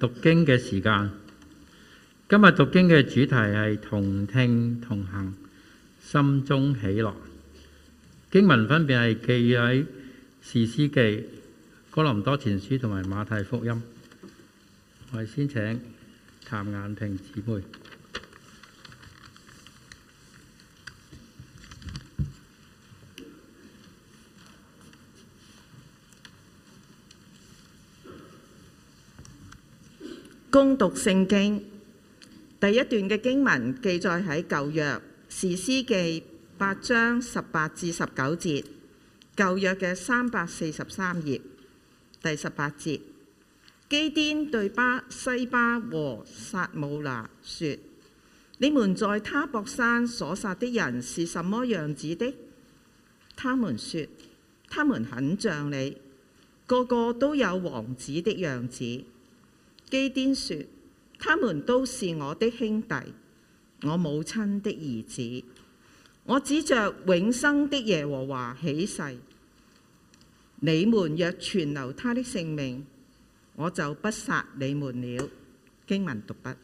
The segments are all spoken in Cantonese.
讀經嘅時間，今日讀經嘅主題係同聽同行，心中喜樂。經文分別係記喺《士師記》《哥林多前書》同埋《馬太福音》。我哋先請譚雁平姊妹。恭讀聖經第一段嘅經文記載喺舊約士師記八章十八至十九節，舊約嘅三百四十三頁第十八節，基甸對巴西巴和撒慕拿說：你們在他泊山所殺的人是什麼樣子的？他們說：他們很像你，個個都有王子的樣子。基甸說：他們都是我的兄弟，我母親的兒子。我指着永生的耶和華起誓，你們若存留他的性命，我就不殺你們了。經文讀畢。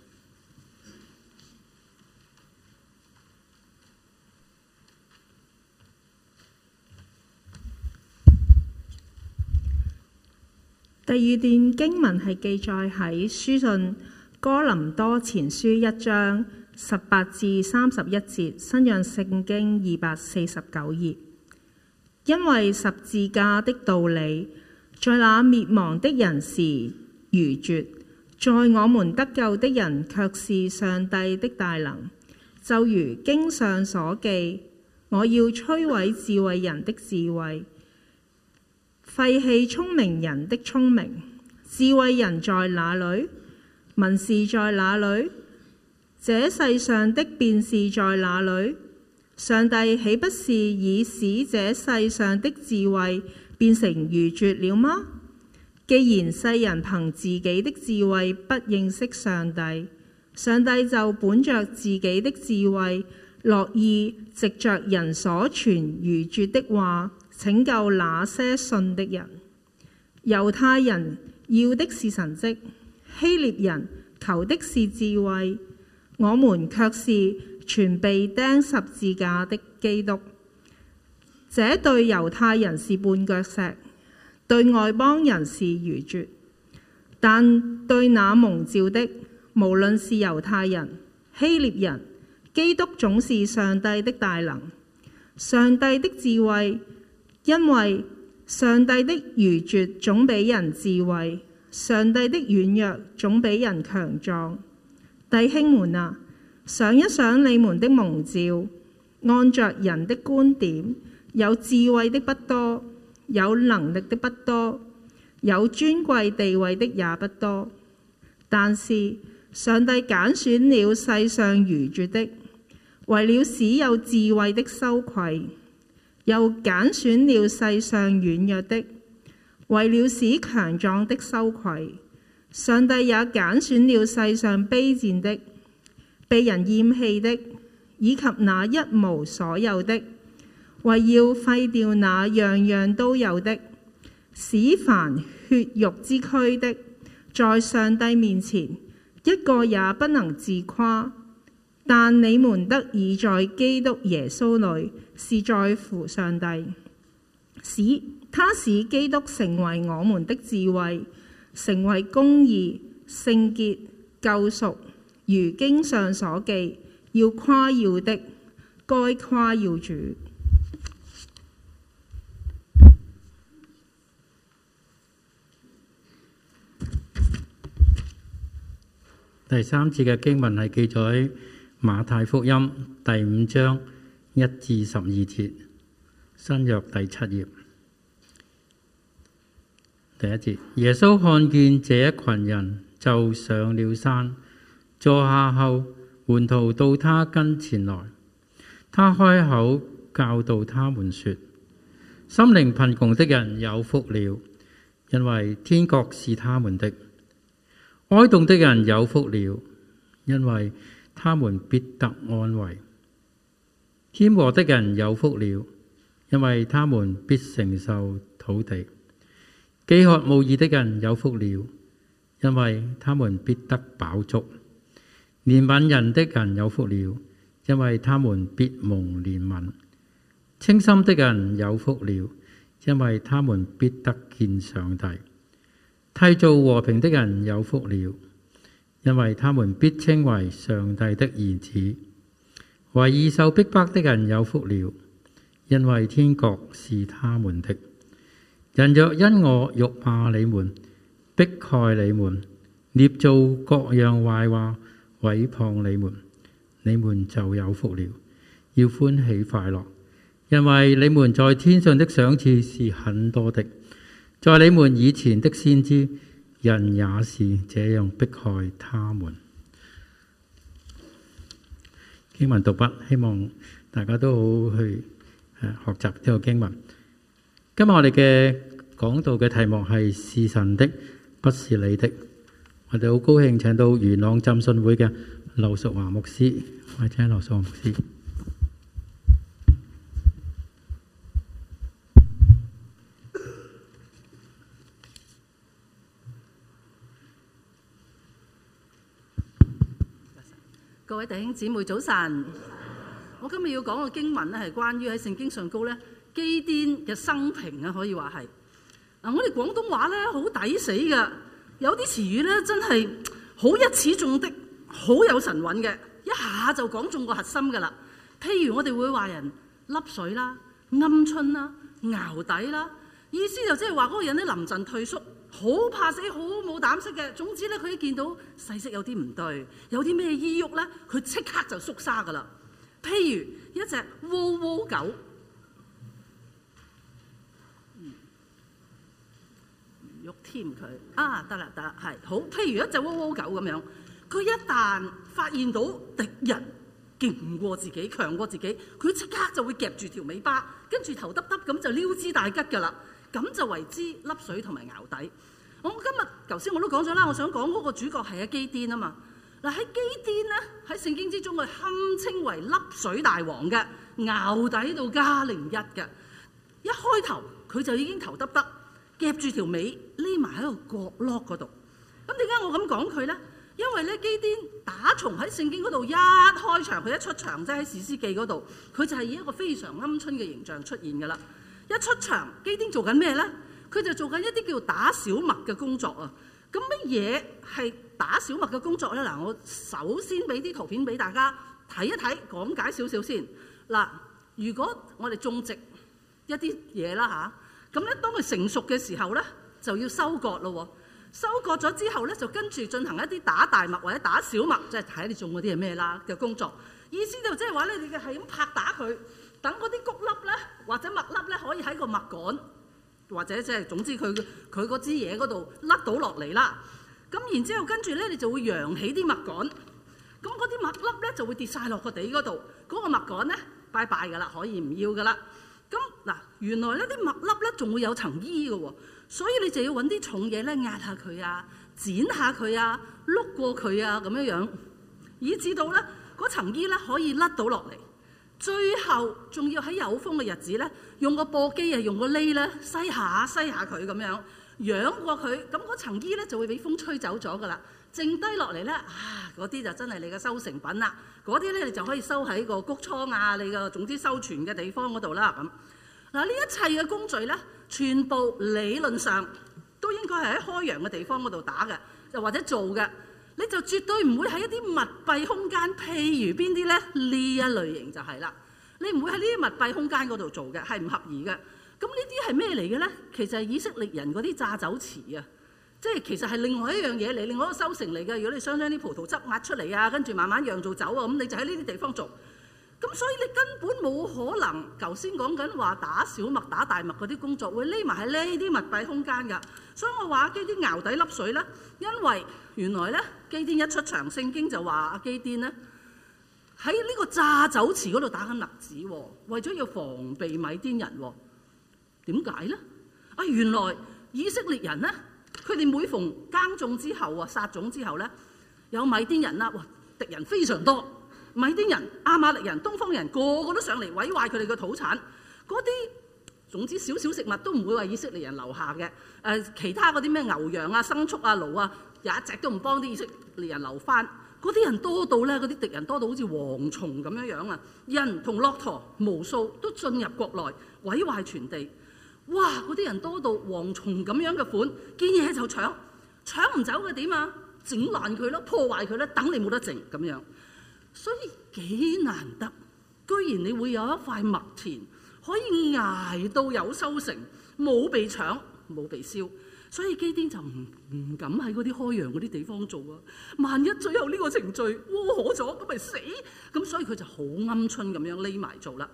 第二段經文係記載喺書信哥林多前書一章十八至三十一節，新約聖經二百四十九頁。因為十字架的道理，在那滅亡的人是愚拙，在我們得救的人卻是上帝的大能。就如經上所記：我要摧毀智慧人的智慧。廢棄聰明人的聰明，智慧人在哪裏？文士在哪裏？這世上的辯士在哪裏？上帝豈不是以使這世上的智慧變成愚拙了嗎？既然世人憑自己的智慧不認識上帝，上帝就本着自己的智慧，樂意藉着人所傳愚拙的話。拯救那些信的人。猶太人要的是神蹟，希臘人求的是智慧。我們卻是全被釘十字架的基督。這對猶太人是絆腳石，對外邦人是愚絕，但對那蒙召的，無論是猶太人、希臘人，基督總是上帝的大能，上帝的智慧。因為上帝的愚拙總比人智慧，上帝的軟弱總比人強壯。弟兄們啊，想一想你們的蒙召，按着人的觀點，有智慧的不多，有能力的不多，有尊貴地位的也不多。但是上帝揀選了世上愚拙的，為了使有智慧的羞愧。又揀選了世上軟弱的，為了使強壯的羞愧；上帝也揀選了世上卑賤的、被人厭棄的，以及那一無所有的，為要廢掉那樣樣都有的，使凡血肉之軀的，在上帝面前一個也不能自誇。但你們得以在基督耶穌裏。是在乎上帝，使他使基督成為我們的智慧，成為公義、聖潔、救贖。如經上所記，要誇耀的，該誇耀主。第三節嘅經文係記載馬太福音第五章。一至十二節，新約第七頁。第一節，耶穌看見這一群人，就上了山，坐下後，門徒到他跟前來。他開口教導他們說：心靈貧窮的人有福了，因為天國是他們的；哀慟的人有福了，因為他們必得安慰。謙和的人有福了，因為他們必承受土地；飢渴慕義的人有福了，因為他們必得飽足；憐憫人的人有福了，因為他們必蒙憐憫；清心的人有福了，因為他們必得見上帝；締造和平的人有福了，因為他們必稱為上帝的兒子。為義受逼迫的人有福了，因為天國是他們的。人若因我辱罵你們，逼害你們，捏造各樣壞話毀謗你們，你們就有福了，要歡喜快樂，因為你們在天上的賞賜是很多的。在你們以前的先知，人也是這樣逼害他們。經文讀畢，希望大家都好去誒學習呢個經文。今日我哋嘅講道嘅題目係是,是神的，不是你的。我哋好高興請到元朗浸信會嘅劉淑華牧師，我請劉淑華牧師。各位弟兄姊妹早晨， 我今日要講嘅經文咧，係關於喺聖經上高咧基甸嘅生平啊，可以話係嗱，我哋廣東話咧好抵死嘅，有啲詞語咧真係好一詞中的，好有神韻嘅，一下就講中個核心㗎啦。譬如我哋會話人溺水啦、鵪鶉啦、淆底啦，意思就即係話嗰個人咧臨陣退縮。好怕死、好冇膽識嘅。總之咧，佢一見到勢色有啲唔對，有啲咩依鬱咧，佢即刻就縮沙噶啦。譬如一隻窩窩狗，唔、嗯、喐添佢啊！得啦得啦，係好。譬如一隻窩窩狗咁樣，佢一旦發現到敵人勁過自己、強過自己，佢即刻就會夾住條尾巴，跟住頭耷耷咁就溜之大吉噶啦。咁就為之笠水同埋淆底。我今日頭先我都講咗啦，我想講嗰個主角係阿基甸啊嘛。嗱，喺基甸咧，喺聖經之中佢堪稱為笠水大王嘅，淆底到加零一嘅。一開頭佢就已經頭耷耷，夾住條尾匿埋喺個角落嗰度。咁點解我咁講佢咧？因為咧基甸打從喺聖經嗰度一開場，佢一出場即喺士師記嗰度，佢就係以一個非常鵪鶉嘅形象出現㗎啦。一出場，基甸做緊咩咧？佢就做緊一啲叫打小麥嘅工作啊！咁乜嘢係打小麥嘅工作咧？嗱，我首先俾啲圖片俾大家睇一睇，講解少少先嗱。如果我哋種植一啲嘢啦吓，咁咧當佢成熟嘅時候咧，就要收割咯喎。收割咗之後咧，就跟住進行一啲打大麥或者打小麥，即係睇你種嗰啲係咩啦嘅工作。意思就即係話咧，你嘅係咁拍打佢。等嗰啲穀粒咧，或者麥粒咧，可以喺個麥杆，或者即係總之佢佢嗰支嘢嗰度甩到落嚟啦。咁然之後跟住咧，你就會揚起啲麥杆。咁嗰啲麥粒咧就會跌晒落個地嗰度。嗰個麥杆咧，拜拜㗎啦，可以唔要㗎啦。咁嗱，原來呢啲麥粒咧仲會有層衣嘅喎，所以你就要搵啲重嘢咧壓下佢啊，剪下佢啊，碌過佢啊，咁樣樣，以至到咧嗰層衣咧可以甩到落嚟。最後仲要喺有風嘅日子咧，用個簸箕啊，用個簍咧，篩下篩下佢咁樣，養過佢，咁嗰、那個、層衣咧就會俾風吹走咗噶啦，剩低落嚟咧，啊嗰啲就真係你嘅收成品啦，嗰啲咧你就可以收喺個谷倉啊，你嘅總之收存嘅地方嗰度啦咁。嗱，呢一切嘅工序咧，全部理論上都應該係喺開揚嘅地方嗰度打嘅，又或者做嘅。你就絕對唔會喺一啲密閉空間，譬如邊啲咧？呢一類型就係啦，你唔會喺呢啲密閉空間嗰度做嘅，係唔合宜嘅。咁呢啲係咩嚟嘅咧？其實係以色列人嗰啲榨酒池啊，即係其實係另外一樣嘢嚟，另外一個收成嚟嘅。如果你想將啲葡萄汁壓出嚟啊，跟住慢慢釀造酒啊，咁你就喺呢啲地方做。咁所以你根本冇可能，頭先講緊話打小麥、打大麥嗰啲工作會匿埋喺呢啲密閉空間㗎。所以我話嘅啲牛底粒水啦，因為原來咧，基甸一出場，聖經就話阿基甸咧喺呢個炸酒池嗰度打緊麥子、哦，為咗要防備米甸人、哦。點解咧？啊，原來以色列人咧，佢哋每逢耕種之後啊，撒種之後咧，有米甸人啦，哇，敵人非常多。米甸人、亞瑪力人、東方人個個都上嚟毀壞佢哋嘅土產。嗰啲總之少少食物都唔會為以色列人留下嘅。誒、呃，其他嗰啲咩牛羊啊、牲畜啊、驢啊。一直都唔幫啲以色列人留翻，嗰啲人多到咧，嗰啲敵人多到好似蝗蟲咁樣樣啊！人同駱駝無數都進入國內毀壞全地。哇！嗰啲人多到蝗蟲咁樣嘅款，見嘢就搶，搶唔走嘅點啊？整爛佢咯，破壞佢咧，等你冇得剩咁樣。所以幾難得，居然你會有一塊麥田可以挨到有收成，冇被搶，冇被燒。所以基甸就唔唔敢喺嗰啲開揚嗰啲地方做啊！萬一最後呢個程序窩可咗，咁咪死！咁所以佢就好鵪鶉咁樣匿埋做啦。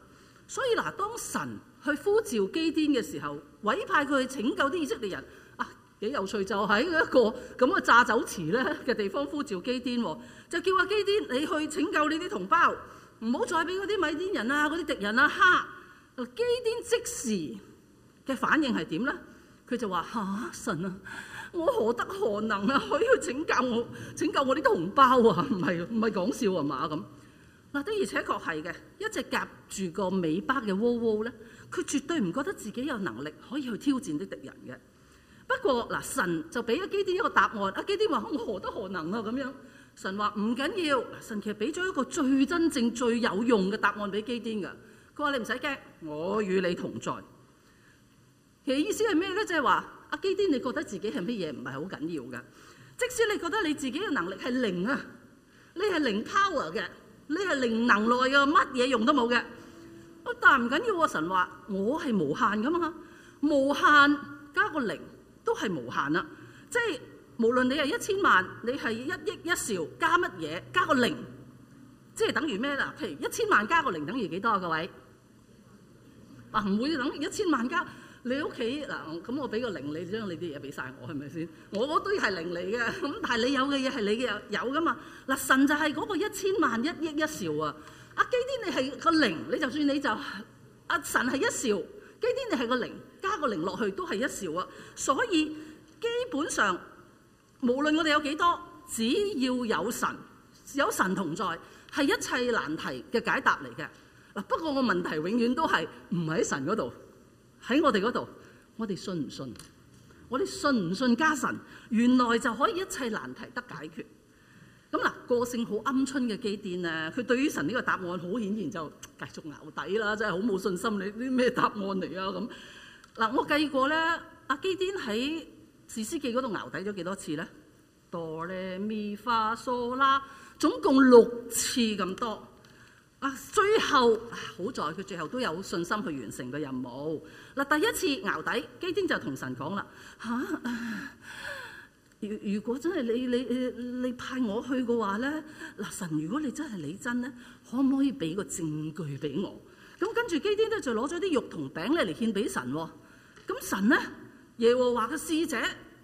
所以嗱，當神去呼召基甸嘅時候，委派佢去拯救啲以色列人啊，幾有趣！就喺、是、一個咁嘅炸酒池咧嘅地方呼召基甸喎，就叫阿基甸你去拯救你啲同胞，唔好再俾嗰啲米甸人啊、嗰啲敵人啊蝦！基甸即時嘅反應係點咧？佢就話：嚇、啊、神啊，我何德何能啊？可以去拯救我、拯救我啲同胞啊？唔係唔係講笑啊嘛咁。嗱，的而且確係嘅，一隻夾住個尾巴嘅蝸蝸咧，佢絕對唔覺得自己有能力可以去挑戰啲敵人嘅。不過嗱、啊，神就俾咗基甸一個答案。阿基甸話：我何德何能啊？咁樣神話唔緊要。神其實俾咗一個最真正、最有用嘅答案俾基甸嘅。佢話：你唔使驚，我與你同在。嘅意思係咩咧？即係話阿基啲，你覺得自己係乜嘢？唔係好緊要噶。即使你覺得你自己嘅能力係零啊，你係零 power 嘅，你係零能耐嘅，乜嘢用都冇嘅。但唔緊要喎、啊，神話我係無限噶嘛、啊，無限加個零都係無限啦、啊。即係無論你係一千萬，你係一億一兆加乜嘢，加個零，即係等於咩啦？譬如一千萬加個零等於幾多？啊？各位，啊唔會等一千萬加。你屋企嗱，咁我俾個零，你將你啲嘢俾晒我，係咪先？我堆都係零你嘅，咁但係你有嘅嘢係你嘅有有噶嘛？嗱，神就係嗰個一千萬一億一兆啊！阿、啊、基天你係個零，你就算你就阿、啊、神係一兆，基天你係個零，加個零落去都係一兆啊！所以基本上，無論我哋有幾多，只要有神，有神同在，係一切難題嘅解答嚟嘅。嗱，不過個問題永遠都係唔喺神嗰度。喺我哋嗰度，我哋信唔信？我哋信唔信加神？原來就可以一切難題得解決？咁嗱，個性好鵪鶉嘅基甸啊，佢對於神呢個答案好顯然就繼續淆底啦，真係好冇信心。你啲咩答案嚟啊？咁嗱，我計過咧，阿基甸喺士師記嗰度淆底咗幾多次咧？哆咧，咪發嗦啦，總共六次咁多。啊！最後，好在佢最後都有信心去完成個任務。嗱，第一次淆底，基甸就同神講啦吓，如、啊、如果真係你你你派我去嘅話咧，嗱神，如果你真係理真咧，可唔可以俾個證據俾我？咁跟住基甸咧就攞咗啲肉同餅咧嚟獻俾神喎。咁神咧，耶和華嘅使者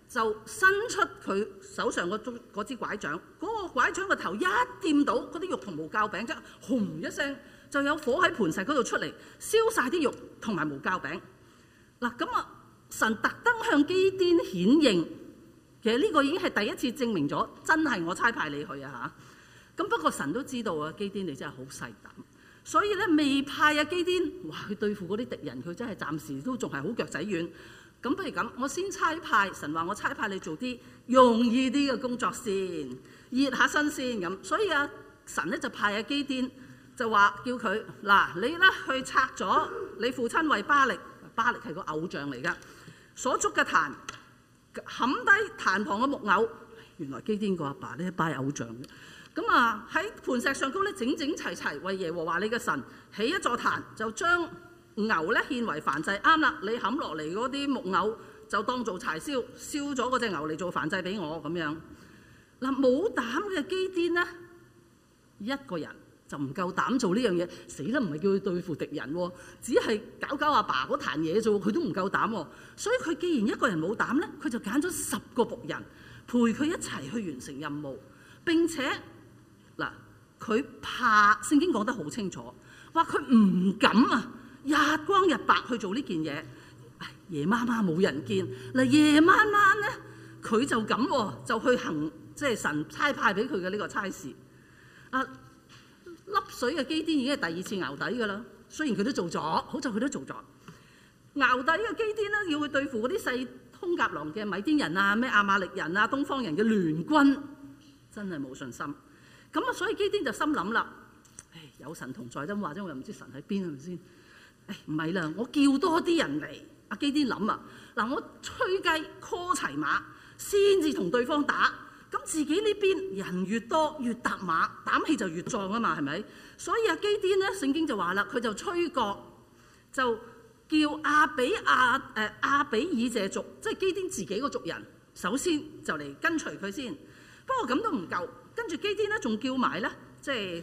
就伸出佢手上個支拐杖。個拐杖個頭一掂到，嗰啲肉同冇酵餅，即係轟一聲，就有火喺盤石嗰度出嚟，燒晒啲肉同埋冇酵餅嗱。咁啊，神特登向基甸顯應，其實呢個已經係第一次證明咗，真係我差派你去啊吓。咁不過神都知道啊，基甸你真係好細膽，所以咧未派啊基甸，哇，佢對付嗰啲敵人，佢真係暫時都仲係好腳仔軟。咁不如咁，我先差派神話，我差派你做啲容易啲嘅工作先。熱下身先咁，所以阿、啊、神咧就派阿、啊、基甸就話叫佢嗱你咧去拆咗你父親為巴力，巴力係個偶像嚟㗎，所築嘅壇，冚低壇旁嘅木偶，原來基甸個阿爸呢咧拜偶像，咁啊喺磐石上高咧整整齊齊為耶和華你嘅神起一座壇，就將牛咧獻為燔祭，啱啦，你冚落嚟嗰啲木偶就當做柴燒，燒咗嗰隻牛嚟做燔祭俾我咁樣。嗱，冇膽嘅基甸咧，一個人就唔夠膽做呢樣嘢，死啦！唔係叫佢對付敵人喎，只係搞搞阿爸嗰壇嘢啫。佢都唔夠膽，所以佢既然一個人冇膽咧，佢就揀咗十個僕人陪佢一齊去完成任務。並且嗱，佢怕聖經講得好清楚，話佢唔敢啊，日光日白去做呢件嘢，夜媽媽冇人見嗱，夜晚晚咧佢就咁就去行。即係神差派俾佢嘅呢個差事啊！露水嘅基甸已經係第二次淆底㗎啦。雖然佢都做咗，好彩佢都做咗。淆底嘅基甸咧，要去對付嗰啲細通甲狼嘅米甸人啊、咩亞瑪力人啊、東方人嘅聯軍，真係冇信心咁啊。所以基甸就心諗啦：唉，有神同在真，或者我又唔知神喺邊係咪先？誒唔係啦，我叫多啲人嚟啊！基甸諗啊，嗱，我吹雞、call 齊馬，先至同對方打。咁自己呢邊人越多越揼馬膽氣就越壯啊嘛，係咪？所以阿基甸咧，聖經就話啦，佢就吹角就叫阿比亞誒亞比耳謝族，即係基甸自己個族人，首先就嚟跟隨佢先。不過咁都唔夠，跟住基甸咧仲叫埋咧，即係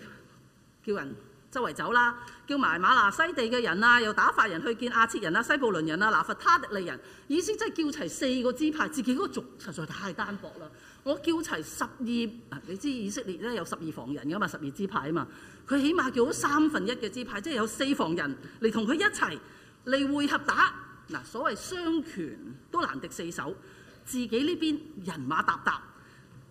叫人周圍走啦，叫埋馬拿西地嘅人啊，又打發人去見亞設人啊、西布倫人啊、拿弗他的利人，意思即係叫齊四個支派，自己嗰個族實在太單薄啦。我叫齊十二，你知以色列咧有十二房人噶嘛？十二支派啊嘛，佢起碼叫咗三分一嘅支派，即係有四房人嚟同佢一齊嚟會合打。嗱，所謂雙拳都難敵四手，自己呢邊人馬沓沓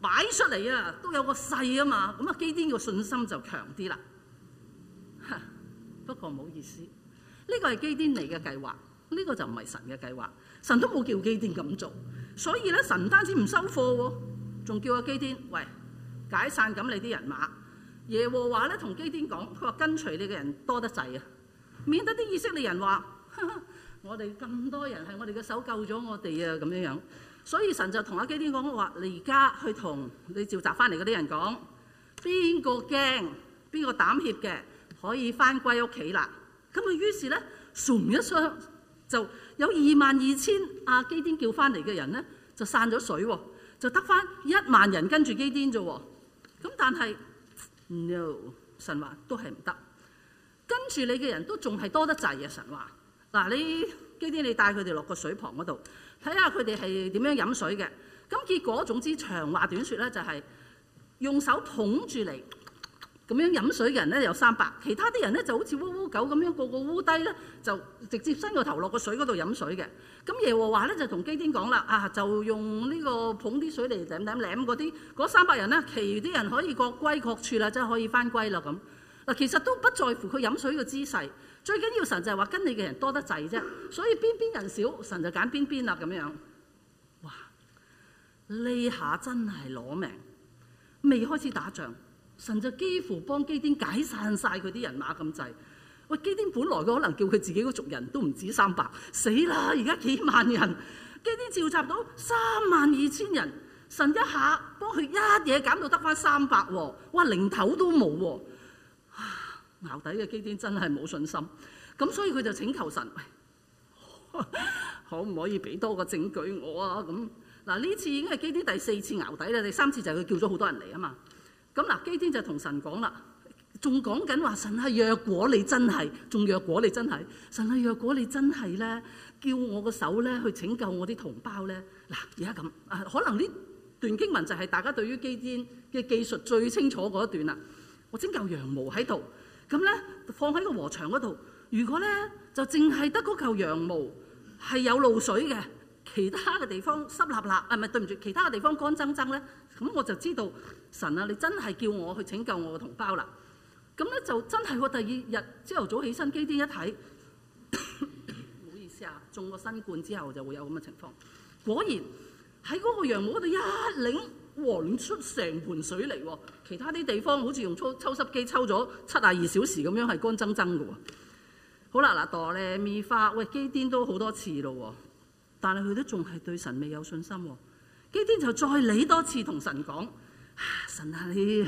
擺出嚟啊，都有個勢啊嘛。咁啊，基甸嘅信心就強啲啦。不過唔好意思，呢個係基甸嚟嘅計劃，呢個就唔係神嘅計劃。神都冇叫基甸咁做，所以咧神唔單止唔收貨喎。仲叫阿基甸，喂，解散咁你啲人馬。耶和華咧同基甸講，佢話跟隨你嘅人多得滯啊，免得啲以色列人話，我哋咁多人係我哋嘅手救咗我哋啊咁樣樣。所以神就同阿基甸講話，你而家去同你召集翻嚟嗰啲人講，邊個驚，邊個膽怯嘅可以翻歸屋企啦。咁啊於是咧，一出就有二萬二千阿基甸叫翻嚟嘅人咧，就散咗水喎。就得翻一萬人跟住基甸啫喎，咁但係 no 神話都係唔得，跟住你嘅人都仲係多得滯啊神話。嗱，你基甸你帶佢哋落個水塘嗰度睇下佢哋係點樣飲水嘅，咁結果總之長話短説咧就係、是、用手捧住嚟。咁樣飲水嘅人咧有三百，其他啲人咧就好似烏烏狗咁樣，個個烏低咧就直接伸個頭落個水嗰度飲水嘅。咁耶和華咧就同基甸講啦，啊就用呢個捧啲水嚟舐舐舐嗰啲嗰三百人咧，其餘啲人可以各歸各處啦，即係可以翻歸啦咁。嗱其實都不在乎佢飲水嘅姿勢，最緊要神就係話跟你嘅人多得滯啫。所以邊邊人少，神就揀邊邊啦咁樣。哇！呢下真係攞命，未開始打仗。神就幾乎幫基甸解散晒佢啲人馬咁滯。喂，基甸本來佢可能叫佢自己個族人都唔止三百，死啦！而家幾萬人，基甸召集到三萬二千人，神一下幫佢一嘢減到得返三百喎，哇，零頭都冇喎！淆底嘅基甸真係冇信心，咁所以佢就請求神：喂，可唔可以俾多個證據我啊？咁嗱，呢次已經係基甸第四次淆底啦，第三次就係佢叫咗好多人嚟啊嘛。咁嗱，基甸就同神講啦，仲講緊話神啊，若果你真係，仲若果你真係，神啊，若果你真係咧，叫我個手咧去拯救我啲同胞咧。嗱，而家咁啊，可能呢段經文就係大家對於基甸嘅技術最清楚嗰一段啦。我整嚿羊毛喺度，咁咧放喺個禾場嗰度。如果咧就淨係得嗰嚿羊毛係有露水嘅，其他嘅地方濕立立，唔係對唔住，其他嘅地方乾掙掙咧。咁我就知道神啊，你真係叫我去拯救我嘅同胞啦。咁咧就真係我第二日朝頭早起身，基甸一睇，唔 好意思啊，中個新冠之後就會有咁嘅情況。果然喺嗰個羊毛度一擰，黃出成盤水嚟喎。其他啲地方好似用抽抽濕機抽咗七十二小時咁樣係乾爭爭嘅喎。好啦，嗱哆咧咪花，喂基甸都好多次咯，但係佢都仲係對神未有信心喎。基甸就再理多次同神講、啊：神啊，你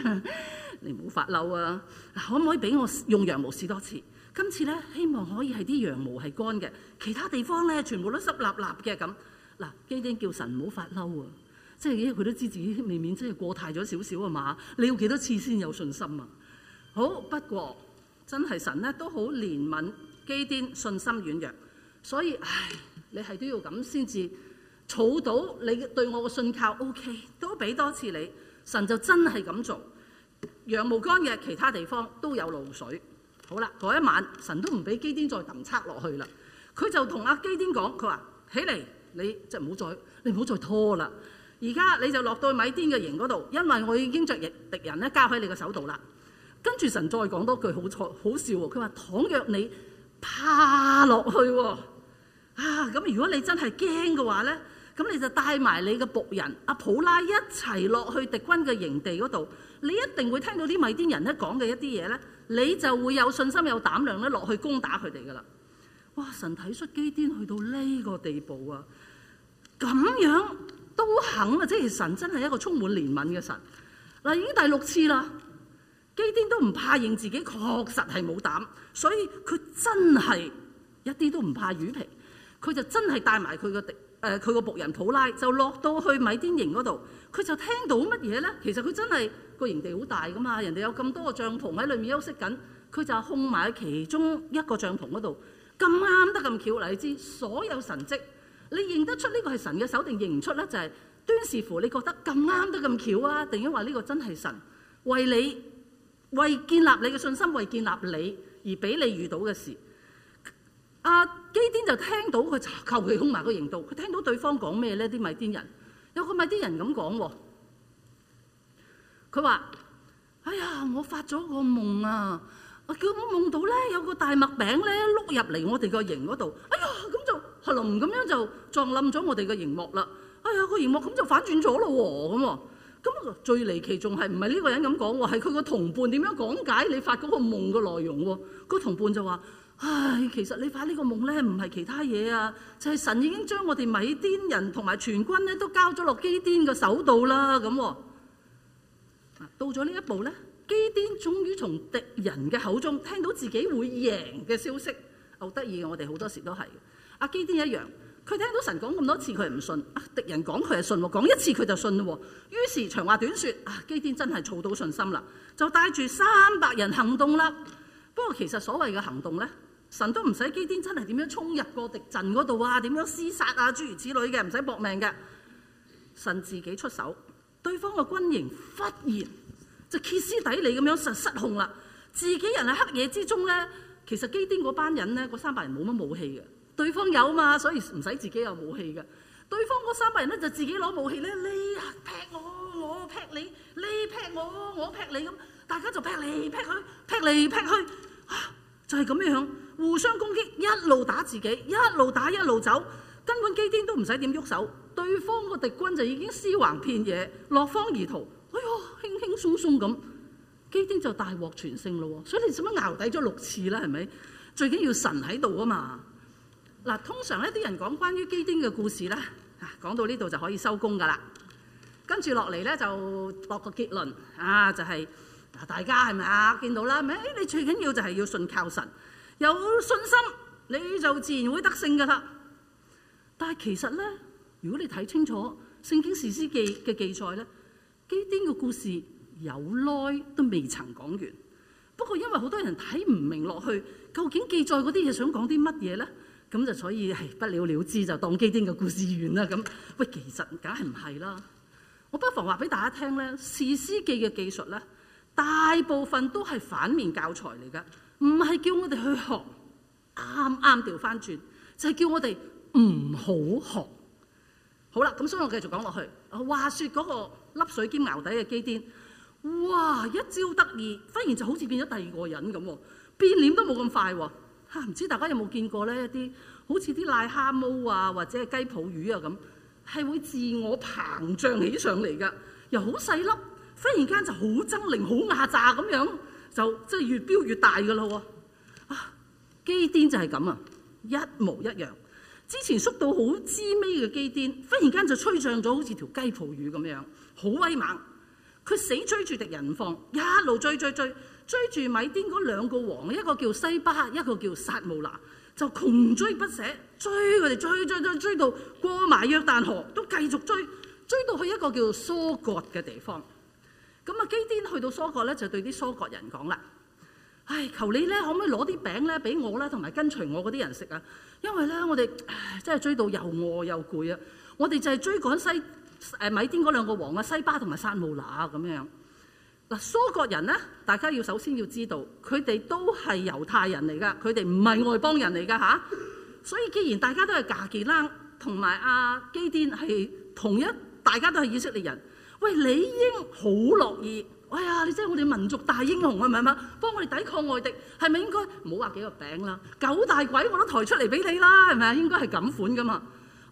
你唔好發嬲啊！可唔可以俾我用羊毛試多次？今次咧，希望可以係啲羊毛係乾嘅，其他地方咧全部都濕立立嘅咁。嗱，基甸叫神唔好發嬲啊！即係佢都知自己未免真係過態咗少少啊嘛！你要幾多次先有信心啊？好，不過真係神咧都好憐憫基甸信心軟弱，所以唉，你係都要咁先至。儲到你對我嘅信靠 O、OK, K，都俾多次你，神就真係咁做。羊毛乾嘅，其他地方都有露水。好啦，嗰一晚神都唔俾基甸再揼測落去啦。佢就同阿基甸講，佢話：起嚟，你即係唔好再，你唔好再拖啦。而家你就落到去米甸嘅營嗰度，因為我已經將敵人咧交喺你嘅手度啦。跟住神再講多句好彩好笑喎、哦，佢話：倘若你趴落去喎、哦，啊咁，如果你真係驚嘅話咧。咁你就帶埋你嘅僕人阿普拉一齊落去敵軍嘅營地嗰度，你一定會聽到啲米甸人咧講嘅一啲嘢咧，你就會有信心有膽量咧落去攻打佢哋噶啦。哇！神體恤基甸去到呢個地步啊，咁樣都肯啊，即係神真係一個充滿憐憫嘅神嗱，已經第六次啦，基甸都唔怕認自己確實係冇膽，所以佢真係一啲都唔怕魚皮，佢就真係帶埋佢嘅敵。誒，佢個僕人普拉就落到去米甸營嗰度，佢就聽到乜嘢咧？其實佢真係個營地好大噶嘛，人哋有咁多個帳篷喺裏面休息緊，佢就控埋喺其中一個帳篷嗰度。咁啱得咁巧，你知所有神蹟，你認得出呢個係神嘅手定認唔出咧？就係端視乎你覺得咁啱得咁巧啊，定因為呢個真係神為你為建立你嘅信心，為建立你而俾你遇到嘅事。阿、啊、基甸就聽到佢求其攻埋個營度，佢、啊、聽到對方講咩咧？啲米甸人有個米甸人咁講佢話：哎呀，我發咗個夢啊！我叫我夢到咧，有個大麥餅咧，碌入嚟我哋個營嗰度。哎呀，咁就係林咁樣就撞冧咗我哋嘅營幕啦！哎呀，這個營幕咁就反轉咗咯喎，咁、哦、咁、啊、最離奇仲係唔係呢個人咁講喎？係佢個同伴點樣講解你發嗰個夢嘅內容喎？個、哦、同伴就話。唉，其實你發呢個夢咧，唔係其他嘢啊，就係、是、神已經將我哋米甸人同埋全軍咧都交咗落基甸嘅手度啦。咁啊、哦，到咗呢一步咧，基甸終於從敵人嘅口中聽到自己會贏嘅消息。好得意嘅，我哋好多時都係阿基甸一樣，佢聽到神講咁多次佢唔信，啊，敵人講佢就信喎，講一次佢就信咯。於是長話短説，基甸真係儲到信心啦，就帶住三百人行動啦。不過其實所謂嘅行動咧，神都唔使基甸真係點樣衝入個敵陣嗰度啊，點樣廝殺啊，諸如此類嘅，唔使搏命嘅，神自己出手，對方嘅軍營忽然就歇斯底里咁樣失失控啦。自己人喺黑夜之中咧，其實基甸嗰班人咧，嗰三百人冇乜武器嘅，對方有嘛，所以唔使自己有武器嘅。對方嗰三百人咧就自己攞武器咧，你劈我我劈你，你劈我我劈你咁，大家就劈嚟劈去，劈嚟劈去，啊、就係、是、咁樣。互相攻擊，一路打自己，一路打一路走，根本基丁都唔使點喐手，對方個敵軍就已經屍橫遍野，落荒而逃。哎呦，輕輕鬆鬆咁，基丁就大獲全勝咯。所以你做乜熬底咗六次啦？係咪最緊要神喺度啊嘛？嗱，通常咧啲人講關於基丁嘅故事咧，講到呢度就可以收工㗎啦。跟住落嚟咧就落個結論啊，就係嗱大家係咪啊？見到啦，咩？你最緊要就係要信靠神。有信心你就自然會得勝㗎啦！但係其實咧，如果你睇清楚聖經士師記嘅記載咧，基甸嘅故事有耐都未曾講完。不過因為好多人睇唔明落去，究竟記載嗰啲嘢想講啲乜嘢咧，咁就所以係不了了之就當基甸嘅故事完啦。咁喂，其實梗係唔係啦！我不妨話俾大家聽咧，士師記嘅記述咧，大部分都係反面教材嚟㗎。唔係叫我哋去學，啱啱調翻轉，就係、是、叫我哋唔好學。好啦，咁所以我繼續講落去。話説嗰個粒水兼淆底嘅基天，哇！一朝得意，忽然就好似變咗第二個人咁喎，變臉都冇咁快喎。唔、啊、知大家有冇見過咧？一啲好似啲瀨蝦毛啊，或者係雞泡魚啊咁，係會自我膨脹起上嚟嘅，又好細粒，忽然間就好猙獰、好壓榨咁樣。就即係越飆越大㗎啦喎！啊，基甸就係咁啊，一模一樣。之前縮到好黐尾嘅基甸，忽然間就吹脹咗，好似條雞泡魚咁樣，好威猛。佢死追住敵人唔放，一路追追追追住米甸嗰兩個王，一個叫西巴，一個叫撒慕拿，就窮追不捨，追佢哋追追追追，追到過埋約旦河，都繼續追，追到去一個叫疏割嘅地方。咁啊，基甸去到疏割咧，就對啲疏割人講啦：唉，求你咧，可唔可以攞啲餅咧俾我咧，同埋跟隨我嗰啲人食啊？因為咧，我哋真係追到又餓又攰啊！我哋就係追趕西誒、啊、米甸嗰兩個王啊，西巴同埋撒慕拿咁樣。嗱，疏割人咧，大家要首先要知道，佢哋都係猶太人嚟噶，佢哋唔係外邦人嚟噶嚇。所以既然大家都係亞結拉同埋啊基甸係同一，大家都係以色列人。喂，你應好樂意。哎呀，你真係我哋民族大英雄啊，係咪啊？幫我哋抵抗外敵，係咪應該唔好話幾個餅啦？九大鬼我都抬出嚟俾你啦，係咪啊？應該係咁款噶嘛。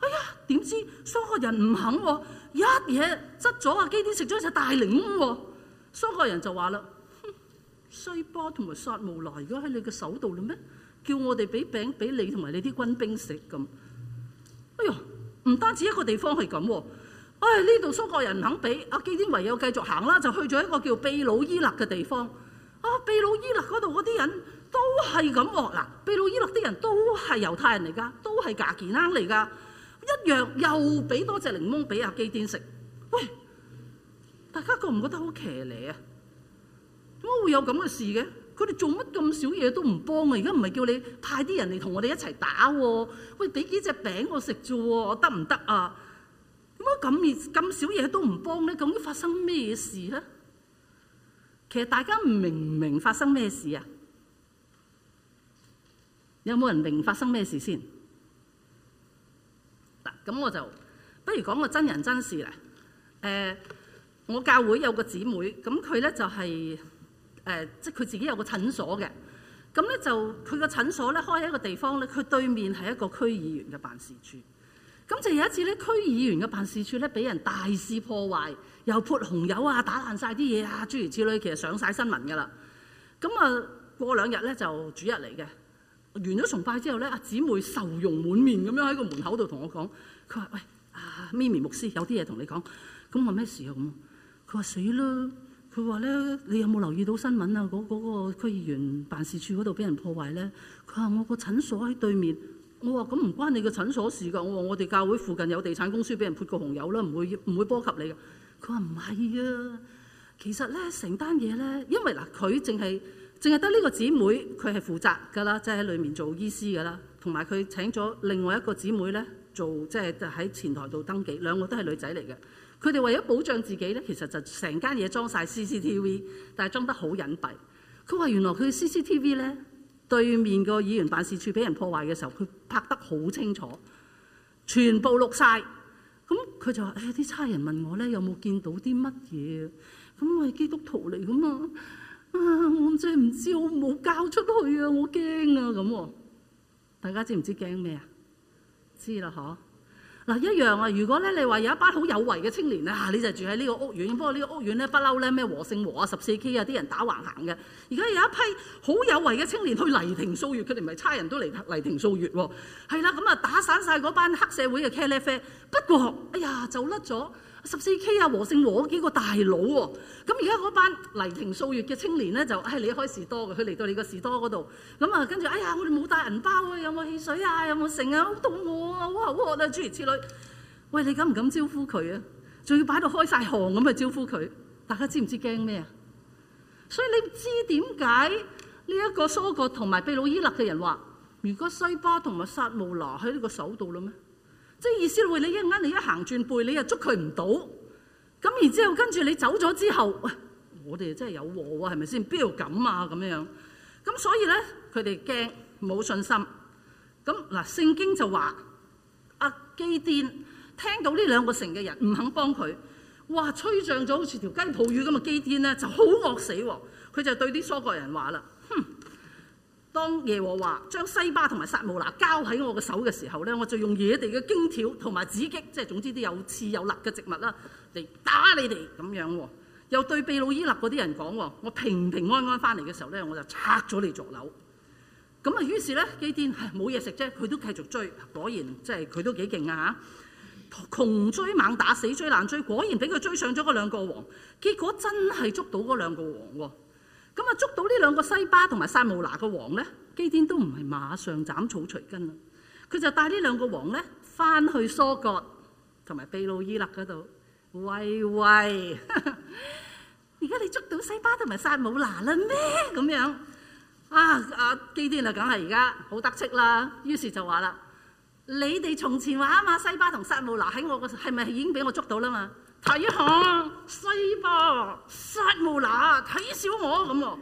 哎呀，點知疏割人唔肯喎，一嘢窒咗啊基甸食咗隻大檸檬喎、啊。疏割人就話啦：哼，西巴同埋撒慕拿，如果喺你嘅手度咧咩？叫我哋俾餅俾你同埋你啲軍兵食咁。哎呀，唔單止一個地方係咁。唉，呢度蘇國人唔肯俾阿基甸，唯有繼續行啦，就去咗一個叫秘魯伊勒嘅地方。啊，秘魯伊勒嗰度嗰啲人都係咁惡嗱！秘魯伊勒啲人都係猶太人嚟㗎，都係迦結拉嚟㗎，一樣又俾多隻檸檬俾阿基甸食。喂，大家覺唔覺得好騎呢啊？點解會有咁嘅事嘅？佢哋做乜咁少嘢都唔幫啊？而家唔係叫你派啲人嚟同我哋一齊打喎、啊？喂，俾幾隻餅我食啫，我得唔得啊？行點解咁少嘢都唔幫咧？究竟發生咩事咧？其實大家明唔明發生咩事啊？有冇人明發生咩事先？嗱，咁我就不如講個真人真事啦。誒、呃，我教會有個姊妹，咁佢咧就係、是、誒、呃，即係佢自己有個診所嘅。咁咧就佢個診所咧開喺一個地方咧，佢對面係一個區議員嘅辦事處。咁就有一次咧，區議員嘅辦事處咧，俾人大肆破壞，又潑紅油啊，打爛晒啲嘢啊，諸如此類，其實上晒新聞噶啦。咁啊，過兩日咧就主日嚟嘅，完咗崇拜之後咧，阿姊妹愁容滿面咁樣喺個門口度同我講，佢話：喂、啊，咪咪牧師有啲嘢同你講。咁我咩事啊？咁，佢話死咯。佢話咧，你有冇留意到新聞啊？嗰嗰個區議員辦事處嗰度俾人破壞咧？佢話我個診所喺對面。我話，咁唔關你個診所事噶。我話我哋教會附近有地產公司俾人潑過紅油啦，唔會唔會波及你噶。佢話唔係啊，其實咧成單嘢咧，因為嗱佢淨係淨係得呢個姊妹佢係負責㗎啦，即係喺裏面做醫師㗎啦，同埋佢請咗另外一個姊妹咧做，即係喺前台度登記，兩個都係女仔嚟嘅。佢哋為咗保障自己咧，其實就成間嘢裝晒 CCTV，但係裝得好隱蔽。佢話原來佢嘅 CCTV 咧。對面個議員辦事處俾人破壞嘅時候，佢拍得好清楚，全部錄晒。咁佢就話：誒啲差人問我咧，有冇見到啲乜嘢？咁我係基督徒嚟噶嘛，啊，我真係唔知我冇交出去啊，我驚啊咁喎、啊。大家知唔知驚咩啊？知啦，嗬。嗱，一樣啊！如果咧你話有一班好有為嘅青年咧、啊，你就住喺呢個屋苑。不過呢個屋苑咧不嬲咧咩和勝和啊、十四 K 啊啲人打橫行嘅。而家有一批好有為嘅青年去黎庭掃月，佢哋唔係差人都嚟黎庭掃月喎。係啦，咁啊打散晒嗰班黑社會嘅茄哩啡。不過，哎呀，就甩咗。十四 K 啊，和勝和幾個大佬喎，咁而家嗰班黎停數月嘅青年咧就唉離、哎、開士多嘅，佢嚟到你個士多嗰度，咁啊跟住哎呀我哋冇帶銀包啊，有冇汽水啊，有冇剩啊，好肚餓啊，好渴啊，諸如此類。喂，你敢唔敢招呼佢啊？仲要擺到開晒汗咁去招呼佢？大家知唔知驚咩啊？所以你唔知點解呢一個疏割同埋秘魯伊勒嘅人話：如果西巴同埋撒慕拿喺呢個手度咧咩？即係意思會，你一陣間你一行轉背，你又捉佢唔到。咁然之後跟住你走咗之後，我哋真係有禍啊，係咪先？邊度敢啊？咁樣。咁所以咧，佢哋驚冇信心。咁嗱，聖經就話阿、啊、基甸聽到呢兩個城嘅人唔肯幫佢，哇！吹脹咗好似條雞泡魚咁嘅基甸咧就好惡死，佢、哦、就對啲疏割人話啦。當耶和華將西巴同埋撒母拿交喺我嘅手嘅時候咧，我就用野地嘅荊條同埋指棘，即係總之啲有刺有辣嘅植物啦，嚟打你哋咁樣喎。又對秘路伊勒嗰啲人講喎，我平平安安翻嚟嘅時候咧，我就拆咗你座樓。咁啊，於是咧，基甸冇嘢食啫，佢都繼續追。果然，即係佢都幾勁啊嚇！窮追猛打，死追難追，果然俾佢追上咗嗰兩個王。結果真係捉到嗰兩個王喎。咁啊，捉到呢兩個西巴同埋撒慕拿個王咧，基甸都唔係馬上斬草除根啦，佢就帶呢兩個王咧翻去疏割同埋毗努伊勒嗰度，喂喂，而家你捉到西巴同埋撒慕拿啦咩？咁樣啊，阿基甸啊，梗係而家好得戚啦，於是就話啦：你哋從前話啊嘛，西巴同撒慕拿喺我個係咪已經俾我捉到啦嘛？睇下西伯殺無賴，睇小我咁喎。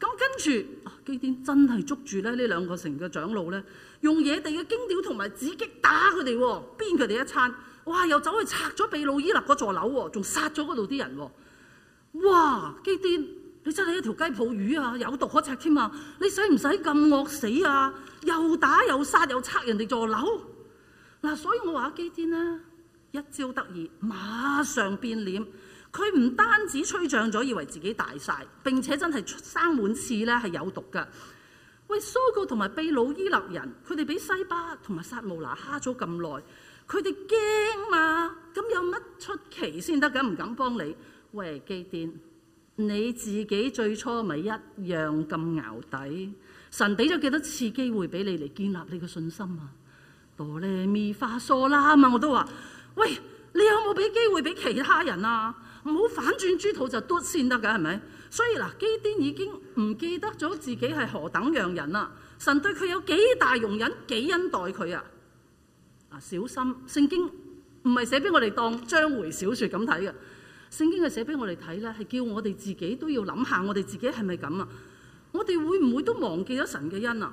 咁跟住啊，基甸真係捉住咧呢兩個城嘅長老咧，用野地嘅荊條同埋枳棘打佢哋，鞭佢哋一餐。哇！又走去拆咗毗努伊勒嗰座樓，仲殺咗嗰度啲人。哇！基甸，你真係一條雞泡魚啊，有毒可拆添啊！你使唔使咁惡死啊？又打又殺又拆人哋座樓嗱，啊，所以我話基甸啦。一朝得意，馬上變臉。佢唔單止吹漲咗，以為自己大晒，並且真係生滿刺咧，係有毒㗎。喂，疏割同埋毗努伊勒人，佢哋俾西巴同埋撒慕拿蝦咗咁耐，佢哋驚嘛？咁有乜出奇先得㗎？唔敢幫你。喂，基甸，你自己最初咪一樣咁淆底？神俾咗幾多次機會俾你嚟建立你嘅信心啊？羅咪花蘇啦嘛，我都話。喂，你有冇俾機會俾其他人啊？唔好反轉豬肚就嘟先得嘅，係咪？所以嗱，基甸已經唔記得咗自己係何等樣人啊。神對佢有幾大容忍、幾恩待佢啊？嗱，小心聖經唔係寫俾我哋當章回小說咁睇嘅，聖經係寫俾我哋睇啦，係叫我哋自己都要諗下，我哋自己係咪咁啊？我哋會唔會都忘記咗神嘅恩啊？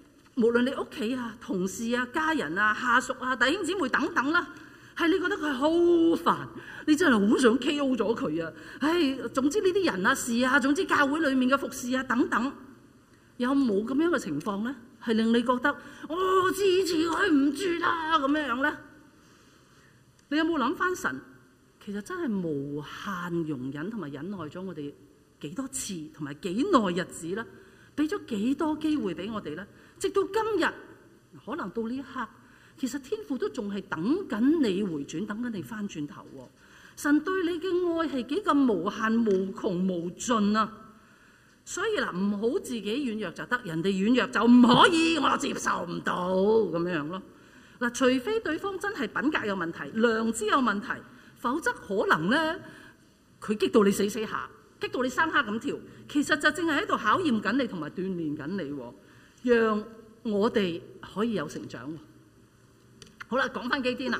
無論你屋企啊、同事啊、家人啊、下屬啊、弟兄姊妹等等啦，係你覺得佢好煩，你真係好想 K.O. 咗佢啊？唉、哎，總之呢啲人啊、事啊，總之教會裏面嘅服侍啊等等，有冇咁樣嘅情況咧？係令你覺得哦，支持佢唔住啦、啊、咁樣樣咧？你有冇諗翻神？其實真係無限容忍同埋忍耐咗我哋幾多次，同埋幾耐日子啦，俾咗幾多機會俾我哋咧？直到今日，可能到呢一刻，其實天父都仲係等緊你回轉，等緊你返轉頭喎。神對你嘅愛係幾咁無限無窮無盡啊！所以嗱，唔好自己軟弱就得，人哋軟弱就唔可以，我接受唔到咁樣樣咯。嗱，除非對方真係品格有問題、良知有問題，否則可能咧佢激到你死死下，激到你生蝦咁跳，其實就正係喺度考驗緊你同埋鍛鍊緊你喎。讓我哋可以有成長。好啦，講翻基甸啦。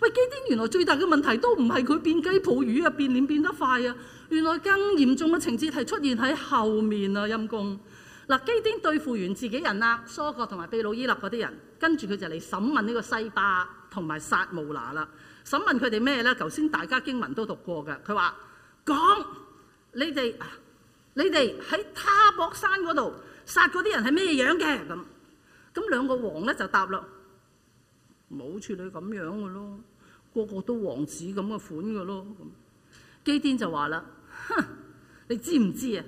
喂，基甸原來最大嘅問題都唔係佢變雞泡魚啊，變臉變得快啊。原來更嚴重嘅情節係出現喺後面啊，陰公嗱。基甸對付完自己人啦，疏割同埋毗努伊勒嗰啲人，跟住佢就嚟審問呢個西巴同埋撒慕拿啦。審問佢哋咩咧？頭先大家經文都讀過嘅，佢話講你哋你哋喺他泊山嗰度，殺嗰啲人係咩樣嘅咁？咁兩個王咧就答啦，冇似你咁樣嘅咯，個個都王子咁嘅款嘅咯。基甸就話啦：哼，你知唔知啊？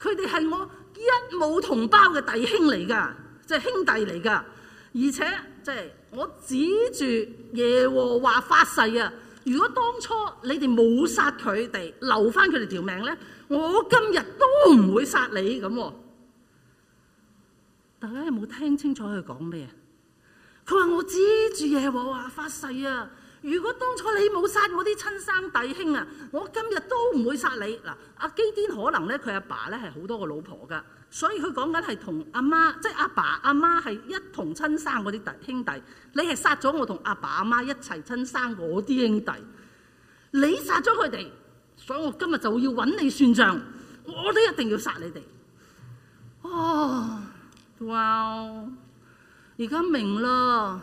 佢哋係我一母同胞嘅弟兄嚟㗎，即係兄弟嚟㗎。而且即係我指住耶和華發誓啊！如果當初你哋冇殺佢哋，留翻佢哋條命咧，我今日都唔會殺你咁大家有冇聽清楚佢講咩啊？佢話：我指住嘢喎，我發誓啊！如果當初你冇殺我啲親生弟兄啊，我今日都唔會殺你嗱。阿、啊、基甸可能咧，佢阿爸咧係好多個老婆噶，所以佢講緊係同阿媽，即係阿爸阿媽係一同親生嗰啲弟兄弟。你係殺咗我同阿爸阿媽一齊親生我啲兄弟，你殺咗佢哋，所以我今日就要揾你算賬，我都一定要殺你哋哦！哇！而家、wow, 明啦，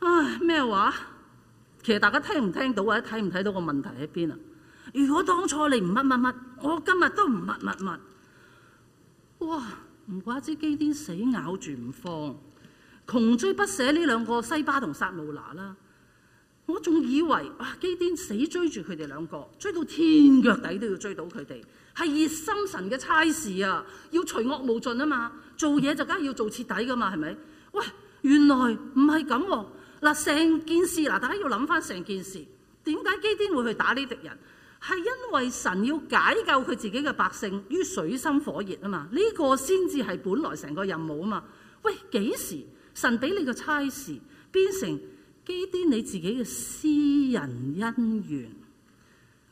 唉咩話？其實大家聽唔聽到或者睇唔睇到個問題喺邊啊？如果當初你唔乜乜乜，我今日都唔乜乜乜。哇！唔怪之基甸死咬住唔放，窮追不捨呢兩個西巴同撒慕拿啦。我仲以為啊，基甸死追住佢哋兩個，追到天腳底都要追到佢哋。係熱心神嘅差事啊，要除惡務盡啊嘛，做嘢就梗係要做徹底噶、啊、嘛，係咪？喂，原來唔係咁喎。嗱，成件事嗱，大家要諗翻成件事，點解基甸會去打呢啲敵人？係因為神要解救佢自己嘅百姓於水深火熱啊嘛，呢、這個先至係本來成個任務啊嘛。喂，幾時神俾你個差事變成基甸你自己嘅私人恩怨？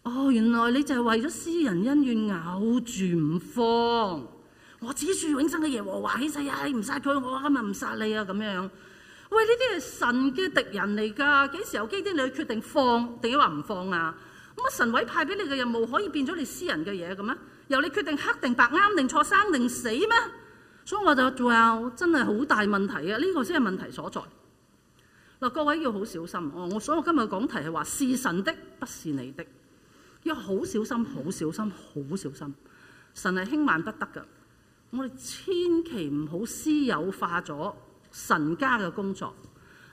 哦，原來你就係為咗私人恩怨咬住唔放。我指住永生嘅耶和華起誓呀、啊，你唔殺佢我今日唔殺你啊，咁樣。喂，呢啲係神嘅敵人嚟㗎，幾時由基天你去決定放定係話唔放啊？咁、嗯、乜，神委派俾你嘅任務可以變咗你私人嘅嘢嘅咩？由你決定黑定白，啱定錯，生定死咩？所以我就哇真係好大問題啊！呢、這個先係問題所在嗱。各位要好小心哦。我所以我今日講題係話是神的、不是你的。要好小心，好小心，好小心！神係輕慢不得噶，我哋千祈唔好私有化咗神家嘅工作。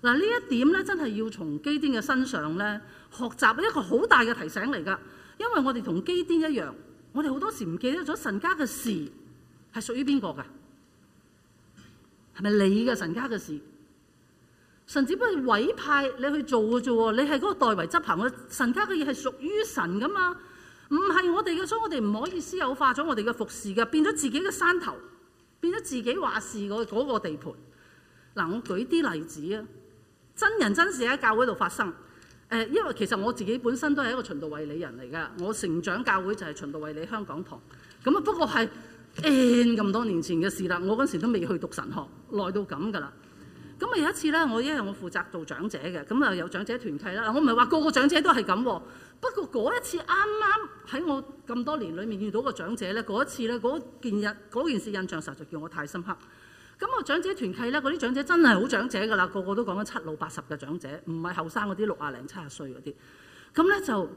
嗱呢一點咧，真係要從基甸嘅身上咧學習一個好大嘅提醒嚟噶。因為我哋同基甸一樣，我哋好多時唔記得咗神家嘅事係屬於邊個㗎？係咪你嘅神家嘅事？神只不過委派你去做嘅啫喎，你係嗰個代為執行嘅。神家嘅嘢係屬於神㗎嘛，唔係我哋嘅，所以我哋唔可以私有化咗我哋嘅服侍㗎，變咗自己嘅山頭，變咗自己話事嗰個地盤。嗱，我舉啲例子啊，真人真事喺教會度發生。誒，因為其實我自己本身都係一個循道衛理人嚟㗎，我成長教會就係循道衛理香港堂。咁啊，不過係 N 咁多年前嘅事啦，我嗰時都未去讀神學，耐到咁㗎啦。咁啊有一次咧，我因為我負責做長者嘅，咁啊有長者團契啦。我唔係話個個長者都係咁喎。不過嗰一次啱啱喺我咁多年裏面遇到個長者咧，嗰一次咧，嗰件日嗰件事印象實在叫我太深刻。咁個長者團契咧，嗰啲長者真係好長者㗎啦，個個都講緊七老八十嘅長者，唔係後生嗰啲六啊零七十歲嗰啲。咁咧就，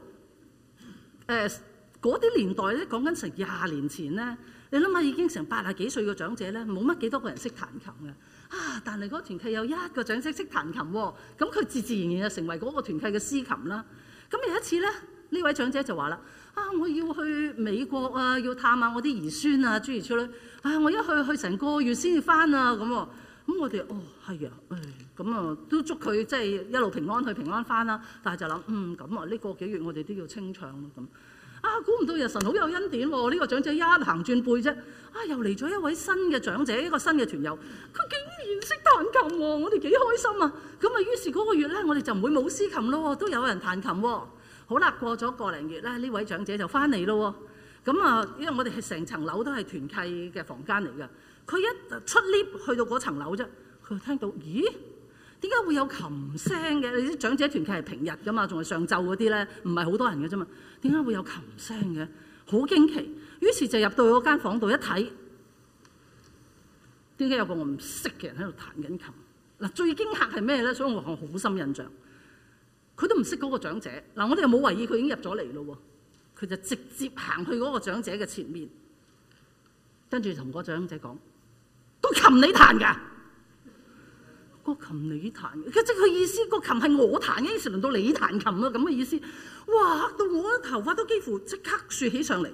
誒嗰啲年代咧，講緊成廿年前咧，你諗下已經成八廿幾歲嘅長者咧，冇乜幾多個人識彈琴嘅。啊！但係嗰個團契有一個長者識彈琴喎，咁佢自自然然就成為嗰個團契嘅司琴啦。咁有一次咧，呢位長者就話啦：啊，我要去美國啊，要探下我啲兒孫啊，諸如此類。啊，我一去去成個月先至返啊，咁。咁我哋哦係啊，咁、哦、啊，唉啊都祝佢即係一路平安去平安返啦、啊。但係就諗，嗯，咁啊呢個幾月我哋都要清唱咯、啊、咁。啊！估唔到日神好有恩典喎、哦，呢、這個長者一行轉背啫。啊！又嚟咗一位新嘅長者，一個新嘅團友，佢竟然識彈琴喎、哦！我哋幾開心啊！咁啊，於是嗰個月咧，我哋就唔會冇司琴咯，都有人彈琴喎、哦。好啦，過咗個零月咧，呢位長者就翻嚟咯。咁啊，因為我哋係成層樓都係團契嘅房間嚟嘅，佢一出 lift 去到嗰層樓啫，佢就聽到咦？點解會有琴聲嘅？你知長者團契係平日㗎嘛，仲係上晝嗰啲咧，唔係好多人嘅啫嘛。點解會有琴聲嘅？好驚奇！於是就入到嗰間房度一睇，點解有個我唔識嘅人喺度彈緊琴？嗱，最驚嚇係咩咧？所以我好深印象，佢都唔識嗰個長者。嗱，我哋又冇懷疑佢已經入咗嚟咯，佢就直接行去嗰個長者嘅前面，跟住同個長者講，個琴你彈㗎？個琴你彈嘅，佢即係意思，個琴係我彈嘅，於是輪到你彈琴啊。咁嘅意思，哇！到我頭髮都幾乎即刻豎起上嚟。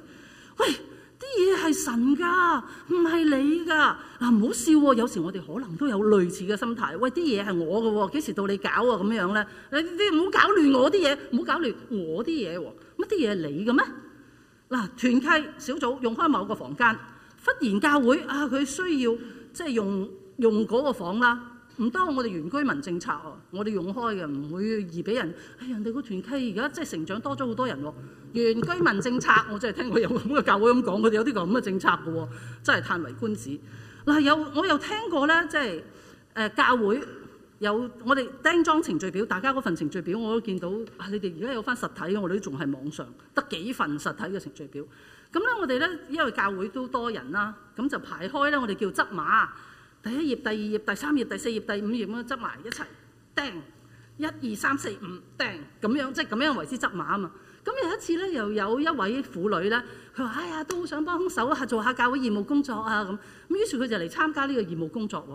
喂，啲嘢係神㗎，唔係你㗎嗱。啊，唔好笑喎，有時我哋可能都有類似嘅心態。喂，啲嘢係我嘅，幾時到你搞啊？咁樣咧，你你唔好搞亂我啲嘢，唔好搞亂我啲嘢喎。乜啲嘢係你嘅咩？嗱、啊，團契小組用開某個房間，忽然教會啊，佢需要即係用用嗰個房啦。唔多，我哋原居民政策哦，我哋用開嘅，唔會易俾人，哎、人哋個團契而家即係成長多咗好多人喎。原居民政策，我真係聽過有咁嘅教會咁講，我哋有啲咁嘅政策嘅喎，真係歎為觀止。嗱，有我又聽過咧，即係誒、呃、教會有我哋釘裝程序表，大家嗰份程序表我都見到，嚇、啊、你哋而家有翻實體嘅，我哋都仲係網上，得幾份實體嘅程序表。咁咧，我哋咧因為教會都多人啦，咁就排開咧，我哋叫執碼。第一頁、第二頁、第三頁、第四頁、第五頁咁樣執埋一齊掟，一二三四五掟咁樣，即係咁樣為之執碼啊嘛。咁有一次咧，又有一位婦女咧，佢話：哎呀，都好想幫手啊做下教會義務工作啊咁。咁於是佢就嚟參加呢個義務工作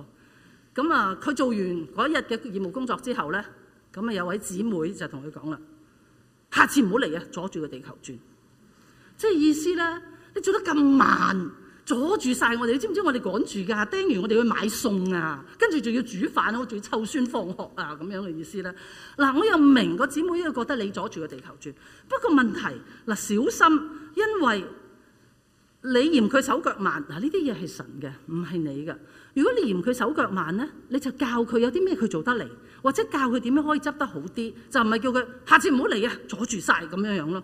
喎。咁啊，佢、啊、做完嗰日嘅義務工作之後咧，咁啊有位姊妹就同佢講啦：下次唔好嚟啊，阻住個地球轉。即係意思咧，你做得咁慢。阻住晒我哋，你知唔知我哋趕住噶？釘完我哋去買餸啊，跟住仲要煮飯啊，我仲要湊孫放學啊，咁樣嘅意思咧。嗱，我又唔明個姊妹又覺得你阻住個地球轉，不過問題，嗱小心，因為你嫌佢手腳慢，嗱呢啲嘢係神嘅，唔係你噶。如果你嫌佢手腳慢咧，你就教佢有啲咩佢做得嚟，或者教佢點樣可以執得好啲，就唔係叫佢下次唔好嚟啊，阻住晒咁樣樣咯。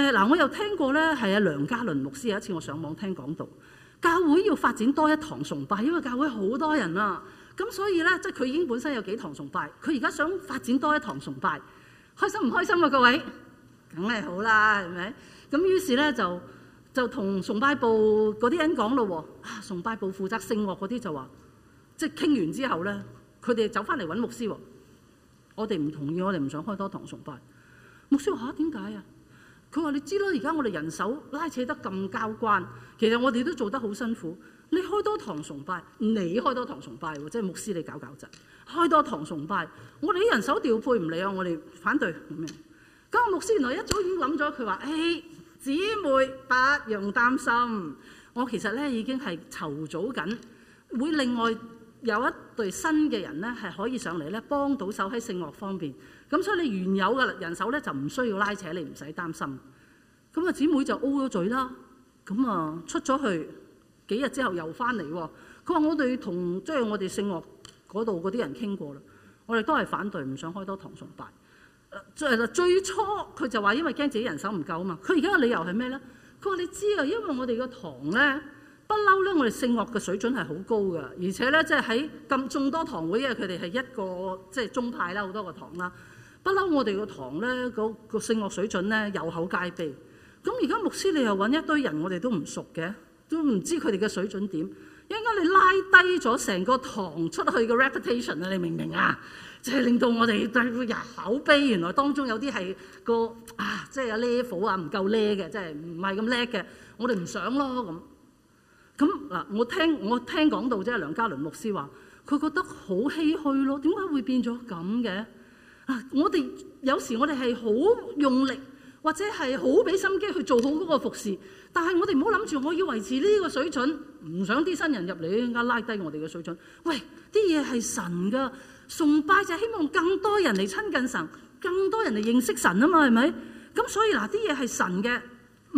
誒嗱、呃，我又聽過咧，係阿、啊、梁家麟牧師有一次我上網聽講道，教會要發展多一堂崇拜，因為教會好多人啊。咁所以咧，即係佢已經本身有幾堂崇拜，佢而家想發展多一堂崇拜，開心唔開心啊？各位梗係好啦，係咪？咁於是咧就就同崇拜部嗰啲人講咯喎啊！崇拜部負責聖樂嗰啲就話，即係傾完之後咧，佢哋走返嚟揾牧師喎、啊，我哋唔同意，我哋唔想開多堂崇拜。牧師話嚇，點解啊？佢話：你知咯，而家我哋人手拉扯得咁交關，其實我哋都做得好辛苦。你開多堂崇拜，你開多堂崇拜喎，即係牧師你搞搞陣，開多堂崇拜。我哋啲人手調配唔嚟啊！我哋反對咁樣。咁啊，牧師原來一早已經諗咗，佢話：唉，姊妹不用擔心，我其實咧已經係籌組緊，會另外有一對新嘅人咧係可以上嚟咧幫到手喺聖樂方面。咁所以你原有嘅人手咧就唔需要拉扯，你唔使擔心。咁啊，姊妹就 O 咗嘴啦。咁、嗯、啊，出咗去幾日之後又翻嚟。佢話，我哋同即係我哋聖樂嗰度嗰啲人傾過啦。我哋都係反對，唔想開多堂崇拜。即係嗱，最初佢就話因為驚自己人手唔夠啊嘛。佢而家嘅理由係咩咧？佢話，你知啊，因為我哋個堂咧不嬲咧，我哋聖樂嘅水準係好高㗎，而且咧即係喺咁眾多堂會，因為佢哋係一個即係、就是、宗派啦，好多個堂啦。不嬲，我哋個堂咧，個個性樂水準咧，有口皆碑。咁而家牧師你又揾一堆人，我哋都唔熟嘅，都唔知佢哋嘅水準點。一陣間你拉低咗成個堂出去嘅 reputation 啊！你明唔明啊？即係令到我哋嘅人口碑原來當中有啲係個啊，即係 level 啊，唔夠叻嘅，即係唔係咁叻嘅，我哋唔想咯咁。咁嗱，我聽我聽講到即係梁嘉倫牧師話，佢覺得好唏噓咯，點解會變咗咁嘅？啊！我哋有時我哋係好用力，或者係好俾心機去做好嗰個服侍，但係我哋唔好諗住我要維持呢個水準，唔想啲新人入嚟應該拉低我哋嘅水準。喂，啲嘢係神噶，崇拜就希望更多人嚟親近神，更多人嚟認識神啊嘛，係咪？咁所以嗱，啲嘢係神嘅，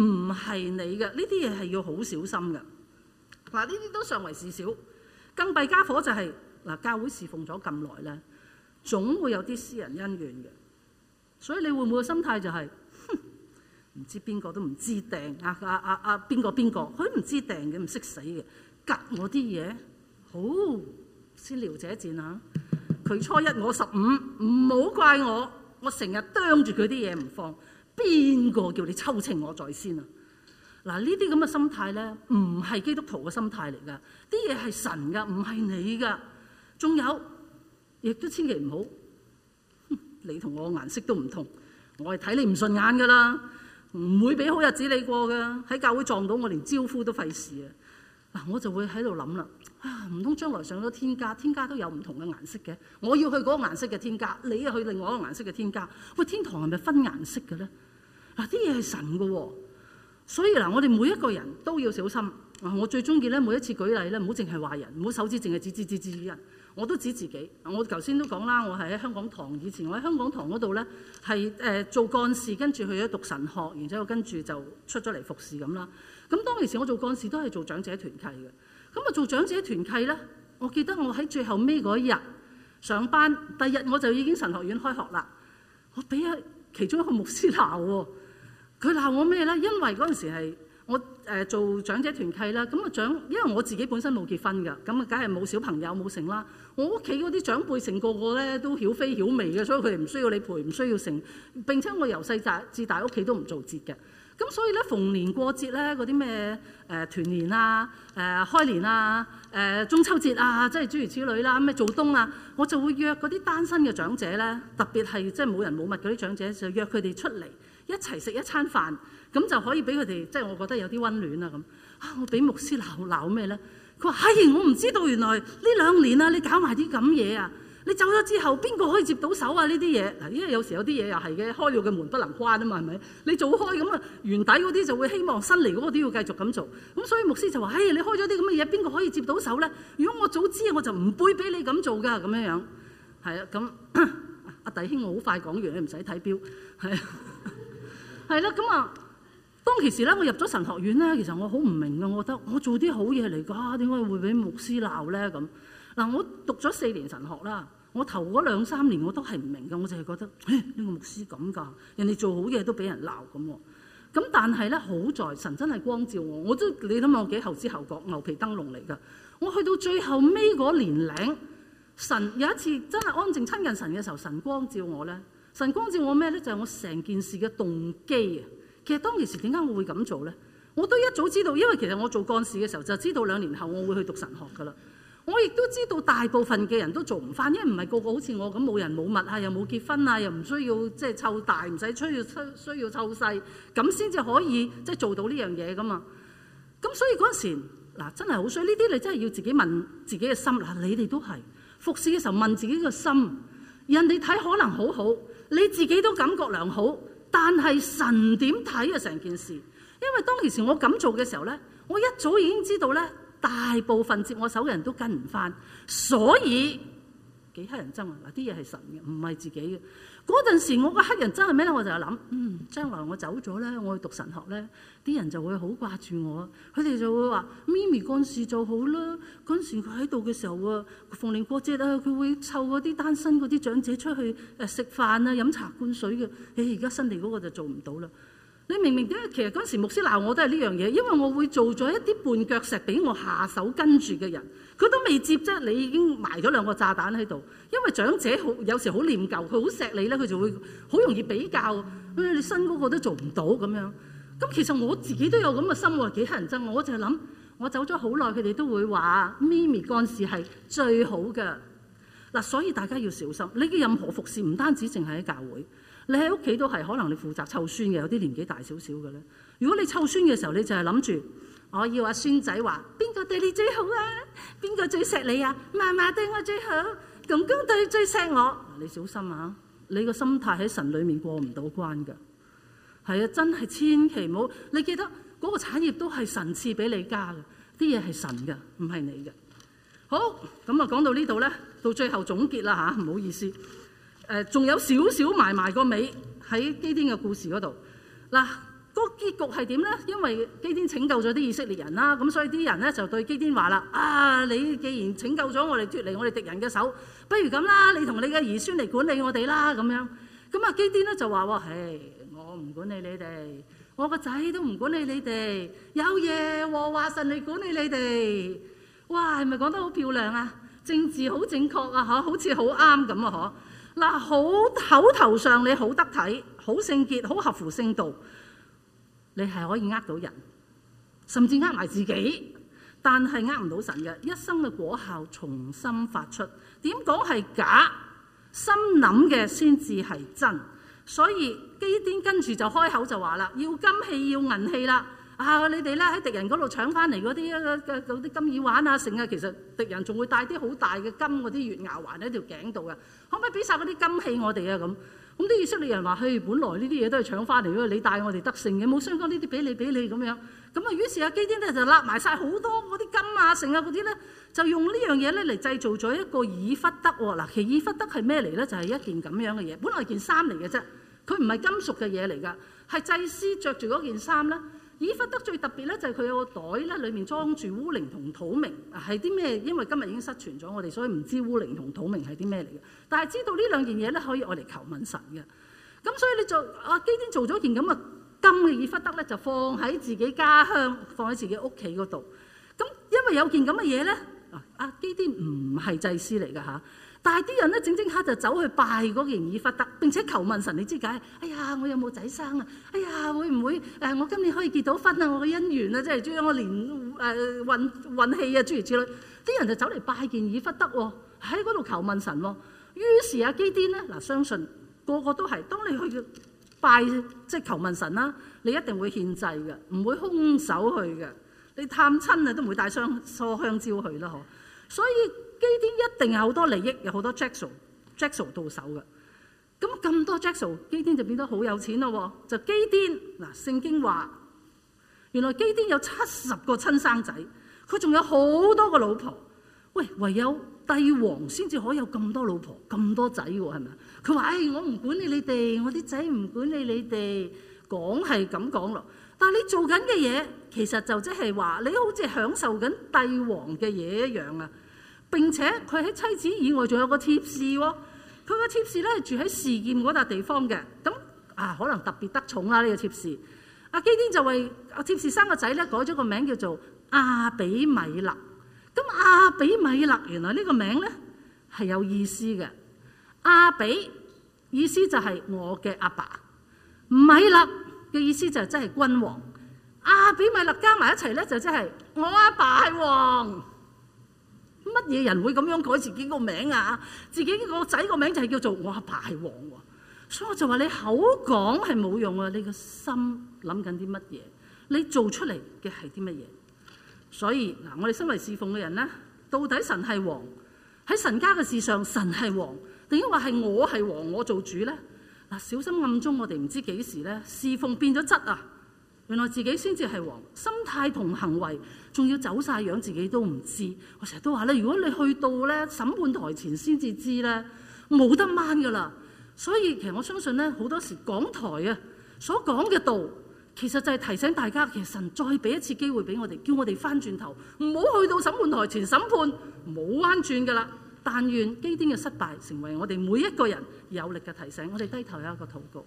唔係你嘅，呢啲嘢係要好小心嘅。嗱、啊，呢啲都尚為事小，更弊傢伙就係、是、嗱，教會侍奉咗咁耐咧。總會有啲私人恩怨嘅，所以你會唔會個心態就係哼，唔知邊個都唔知掟，啊啊啊啊邊個邊個佢唔知掟嘅唔識死嘅夾我啲嘢，好先撩者賤啊！佢初一我十五，唔好怪我，我成日啄住佢啲嘢唔放，邊個叫你抽秤我在先啊？嗱呢啲咁嘅心態咧，唔係基督徒嘅心態嚟㗎，啲嘢係神㗎，唔係你㗎，仲有。亦都千祈唔好，你同我顏色都唔同，我係睇你唔順眼噶啦，唔會俾好日子你過噶。喺教會撞到我，連招呼都費事啊！嗱，我就會喺度諗啦，啊，唔通將來上咗天家，天家都有唔同嘅顏色嘅，我要去嗰個顏色嘅天家，你啊去另外一個顏色嘅天家。喂，天堂係咪分顏色嘅咧？嗱，啲嘢係神嘅喎，所以嗱，我哋每一個人都要小心。我最中意咧，每一次舉例咧，唔好淨係話人，唔好手指淨係指指指指指人。我都指自己。我頭先都講啦，我係喺香港堂，以前我喺香港堂嗰度咧係誒、做幹事，跟住去咗讀神學，然之後跟住就出咗嚟服侍。咁啦。咁當其時我做幹事都係做長者團契嘅。咁啊做長者團契咧，我記得我喺最後尾嗰日上班，第日我就已經神學院開學啦。我俾啊其中一個牧師鬧喎，佢鬧我咩咧？因為嗰陣時係我、誒、呃、做長者團契啦。咁啊長，因為我自己本身冇結婚㗎，咁啊梗係冇小朋友冇成啦。我屋企嗰啲長輩成個個咧都曉飛曉微嘅，所以佢哋唔需要你陪，唔需要成。並且我由細侄至大屋企都唔做節嘅。咁所以咧，逢年過節咧，嗰啲咩誒團年啊、誒、呃、開年啊、誒、呃、中秋節啊，即係諸如此類啦，咩做冬啊，我就會約嗰啲單身嘅長者咧，特別係即係冇人冇物嗰啲長者，就約佢哋出嚟一齊食一餐飯，咁就可以俾佢哋即係我覺得有啲溫暖啊咁。啊，我俾牧師鬧鬧咩咧？佢話：唉、哎，我唔知道，原來呢兩年啊，你搞埋啲咁嘢啊！你走咗之後，邊個可以接到手啊？呢啲嘢嗱，因為有時有啲嘢又係嘅，開了嘅門不能關啊嘛，係咪？你做開咁啊，原底嗰啲就會希望新嚟嗰個都要繼續咁做。咁所以牧師就話：唉、哎，你開咗啲咁嘅嘢，邊個可以接到手咧？如果我早知，我就唔背俾你咁做㗎。咁樣樣係啊，咁阿弟兄，我好快講完，你唔使睇表。係啊，係啦，咁啊。 當其時咧，我入咗神學院咧，其實我好唔明㗎，我覺得我做啲好嘢嚟㗎，點解會俾牧師鬧咧咁？嗱，我讀咗四年神學啦，我頭嗰兩三年我都係唔明㗎，我淨係覺得呢、哎呢個牧師咁㗎，人哋做好嘢都俾人鬧咁。咁但係咧，好在神真係光照我，我都你諗我幾後知後覺，牛皮燈籠嚟㗎。我去到最後尾嗰年齡，神有一次真係安靜親近神嘅時候，神光照我咧，神光照我咩咧？就係、是、我成件事嘅動機啊！其實當其時點解我會咁做咧？我都一早知道，因為其實我做幹事嘅時候就知道兩年後我會去讀神學噶啦。我亦都知道大部分嘅人都做唔翻，因為唔係個個好似我咁冇人冇物啊，又冇結婚啊，又唔需要即係湊大，唔使需要需要湊細，咁先至可以、嗯、即係做到呢樣嘢噶嘛。咁所以嗰陣時嗱真係好，所以呢啲你真係要自己問自己嘅心。嗱你哋都係服侍嘅時候問自己嘅心，人哋睇可能好好，你自己都感覺良好。但係神點睇啊成件事？因為當其時我咁做嘅時候咧，我一早已經知道咧，大部分接我手嘅人都跟唔翻，所以幾乞人憎啊！嗱啲嘢係神嘅，唔係自己嘅。嗰陣時，我個黑人真係咩咧？我就係諗，嗯，將來我走咗咧，我去讀神學咧，啲人就會好掛住我，佢哋就會話咪咪幹事就好啦。嗰陣時佢喺度嘅時候啊，逢年過節啊，佢會湊嗰啲單身嗰啲長者出去誒食飯啊、飲茶灌水嘅。你而家新地嗰個就做唔到啦。你明唔明點解？其實嗰陣時牧師鬧我都係呢樣嘢，因為我會做咗一啲絆腳石俾我下手跟住嘅人。佢都未接啫，你已經埋咗兩個炸彈喺度。因為長者好有時好念舊，佢好錫你咧，佢就會好容易比較。你新嗰個都做唔到咁樣。咁其實我自己都有咁嘅心喎，幾乞人憎。我就係諗，我走咗好耐，佢哋都會話咪咪嗰陣時係最好嘅。嗱，所以大家要小心。你嘅任何服侍唔單止淨係喺教會，你喺屋企都係可能你負責湊孫嘅。有啲年紀大少少嘅咧，如果你湊孫嘅時候，你就係諗住。我要阿孫仔話邊個對你最好啊？邊個最錫你啊？嫲嫲對我最好，公公對最錫我。你小心啊！你個心態喺神裏面過唔到關嘅。係啊，真係千祈唔好。你記得嗰個產業都係神賜俾你家嘅，啲嘢係神嘅，唔係你嘅。好，咁啊講到呢度咧，到最後總結啦吓，唔好意思。誒、呃，仲有少少埋埋個尾喺基甸嘅故事嗰度嗱。嗰結局係點呢？因為基甸拯救咗啲以色列人啦，咁所以啲人呢就對基甸話啦：啊，你既然拯救咗我哋脫離我哋敵人嘅手，不如咁啦，你同你嘅兒孫嚟管理我哋啦。咁樣咁啊，基甸呢就話：我唔管理你哋，我個仔都唔管理你哋，有耶和華神嚟管理你哋。哇，係咪講得好漂亮啊？政治好正確啊！嚇，好似好啱咁啊！嗬嗱，好，好，好，好口頭上你好得體，好聖潔，好合乎聖道。你係可以呃到人，甚至呃埋自己，但係呃唔到神嘅一生嘅果效重新發出。點講係假？心諗嘅先至係真。所以基甸跟住就開口就話啦：要金器，要銀器啦！啊，你哋咧喺敵人嗰度搶翻嚟嗰啲啲金耳環啊，成啊，其實敵人仲會帶啲好大嘅金嗰啲月牙環喺條頸度嘅，可唔可以俾晒嗰啲金器我哋啊？咁。咁啲以色列人話，嘿，本來呢啲嘢都係搶翻嚟嘅，你帶我哋得勝嘅，冇相干，呢啲俾你俾你咁樣。咁啊，於是阿基甸咧就立埋晒好多嗰啲金啊、成啊嗰啲咧，就用呢樣嘢咧嚟製造咗一個以弗得喎。嗱，其以弗得係咩嚟咧？就係、是、一件咁樣嘅嘢，本來係件衫嚟嘅啫。佢唔係金屬嘅嘢嚟㗎，係祭司着住嗰件衫咧。以弗得最特別咧，就係佢有個袋咧，裡面裝住烏陵同土明，係啲咩？因為今日已經失傳咗，我哋所以唔知烏陵同土明係啲咩嚟嘅。但係知道呢兩件嘢咧，可以我哋求問神嘅。咁所以你就、啊、丁做阿基甸做咗件咁嘅金嘅以弗得咧，就放喺自己家鄉，放喺自己屋企嗰度。咁因為有件咁嘅嘢咧，阿、啊、基甸唔係祭司嚟嘅嚇。啊但係啲人咧，整整黑就走去拜嗰件以弗得，並且求問神你知解。哎呀，我有冇仔生啊？哎呀，會唔會誒、呃？我今年可以結到婚啊？我嘅姻緣啊，即係我連誒、呃、運運氣啊，諸如此類。啲人就走嚟拜件以弗得喎、啊，喺嗰度求問神喎、啊。於是啊，基甸呢，嗱、啊，相信個個都係，當你去拜即係求問神啦、啊，你一定會獻祭嘅，唔會空手去嘅。你探親啊，都唔會帶香梳香蕉去啦，嗬、啊。所以。基甸一定有好多利益，有好多 jackson 到手嘅。咁咁多 jackson 基甸就變得好有錢咯。就基甸嗱，聖經話原來基甸有七十個親生仔，佢仲有好多個老婆。喂，唯有帝王先至可以有咁多老婆，咁多仔嘅係咪？佢話唉，我唔管理你哋，我啲仔唔管理你哋，講係咁講咯，但係你做緊嘅嘢其實就即係話你好似享受緊帝王嘅嘢一樣啊！並且佢喺妻子以外仲有個妾侍喎，哦，佢個妾侍咧住喺示劍嗰笪地方嘅，咁啊可能特別得寵啦呢、這個妾侍阿、啊、基甸就為阿妾侍生個仔咧，改咗個名叫做阿比米勒。咁、啊、阿比米勒原來呢個名咧係有意思嘅。阿、啊、比意思就係我嘅阿爸，爸，米勒嘅意思就真係君王。阿、啊、比米勒加埋一齊咧就真係我阿爸係王？乜嘢人會咁樣改自己個名啊？自己個仔，個名就係叫做我阿爸係王。啊、所以我就話，你口講係冇用啊！你個心諗緊啲乜嘢？你做出嚟嘅係啲乜嘢？所以嗱，我哋身為侍奉嘅人咧，到底神係王，喺神家嘅事上，神係王，定抑或係我係王，我做主咧？嗱，小心暗中我哋唔知幾時咧，侍奉變咗質啊！原來自己先至係王，心態同行為仲要走晒樣，自己都唔知。我成日都話咧，如果你去到咧審判台前先至知咧，冇得掹㗎喇。所以其實我相信咧，好多時港台啊所講嘅道，其實就係提醒大家，其實神再俾一次機會俾我哋，叫我哋翻轉頭，唔好去到審判台前審判，冇彎轉㗎喇。但願基甸嘅失敗成為我哋每一個人有力嘅提醒，我哋低頭有一個禱告，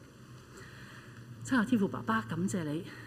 親愛天父爸爸，感謝你。